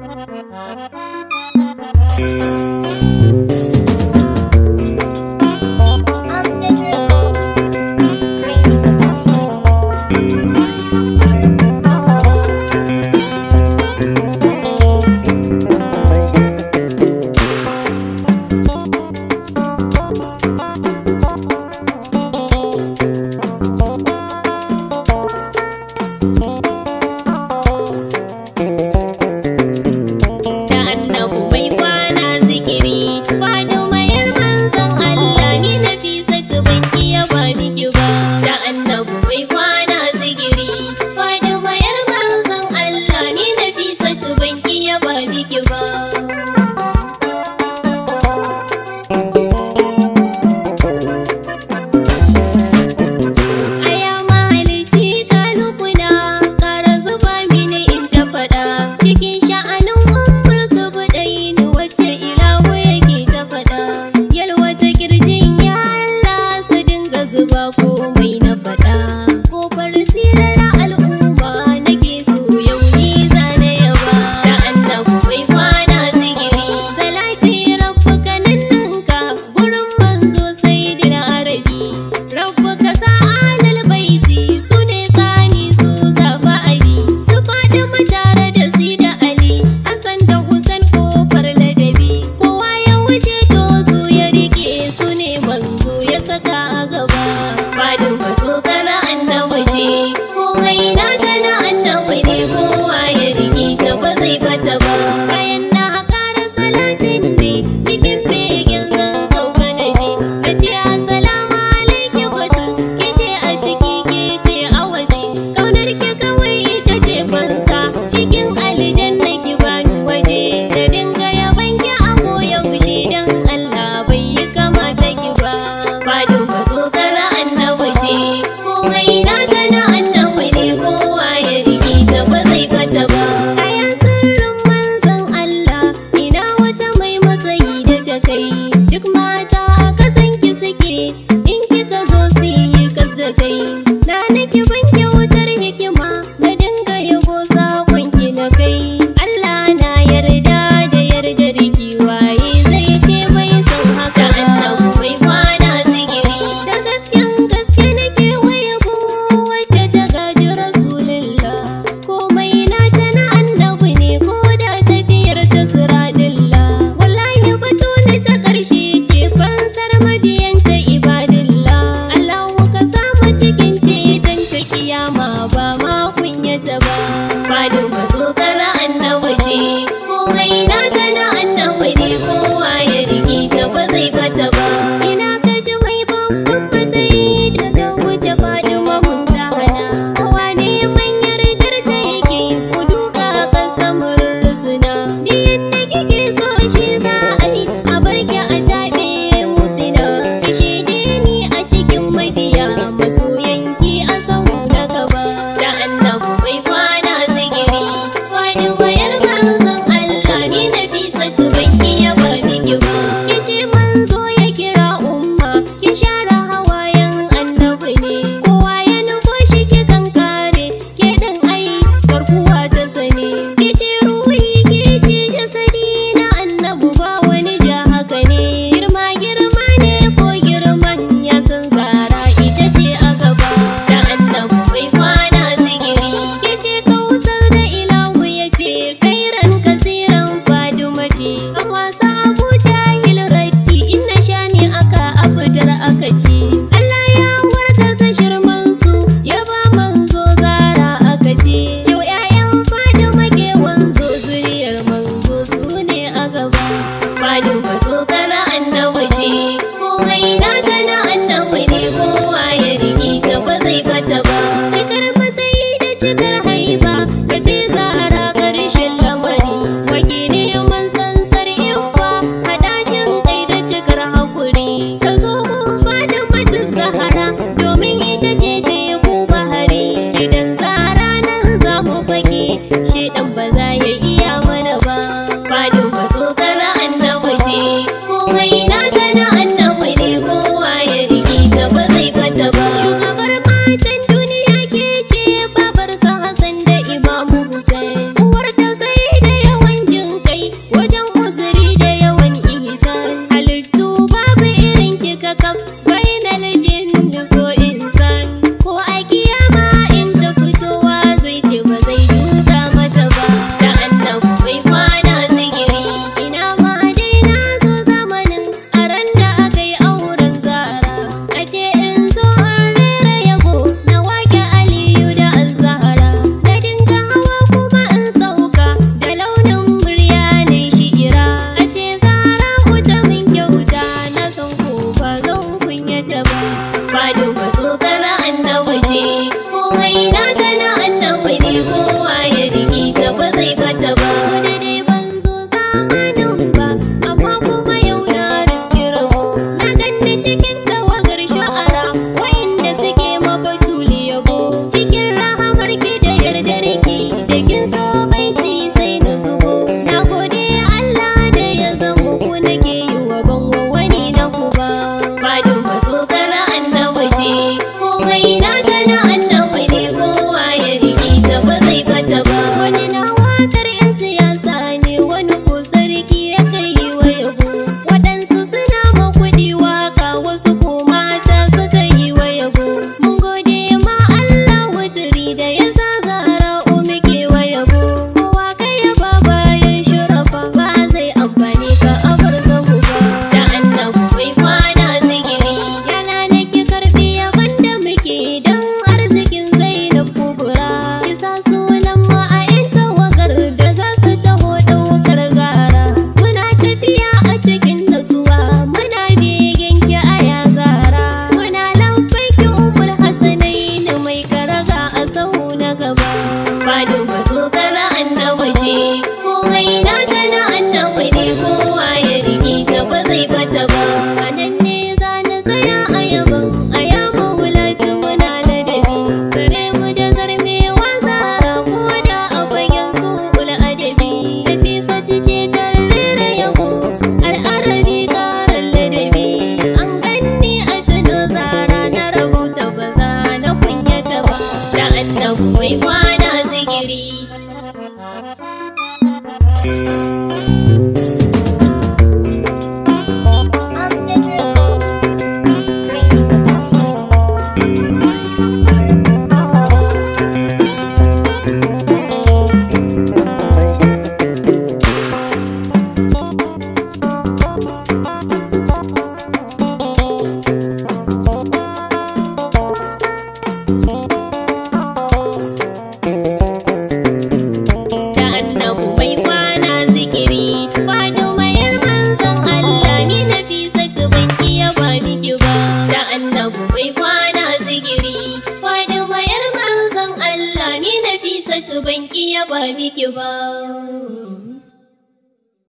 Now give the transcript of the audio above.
Thank you. duk mata ka san ki suke Daddy, daddy, you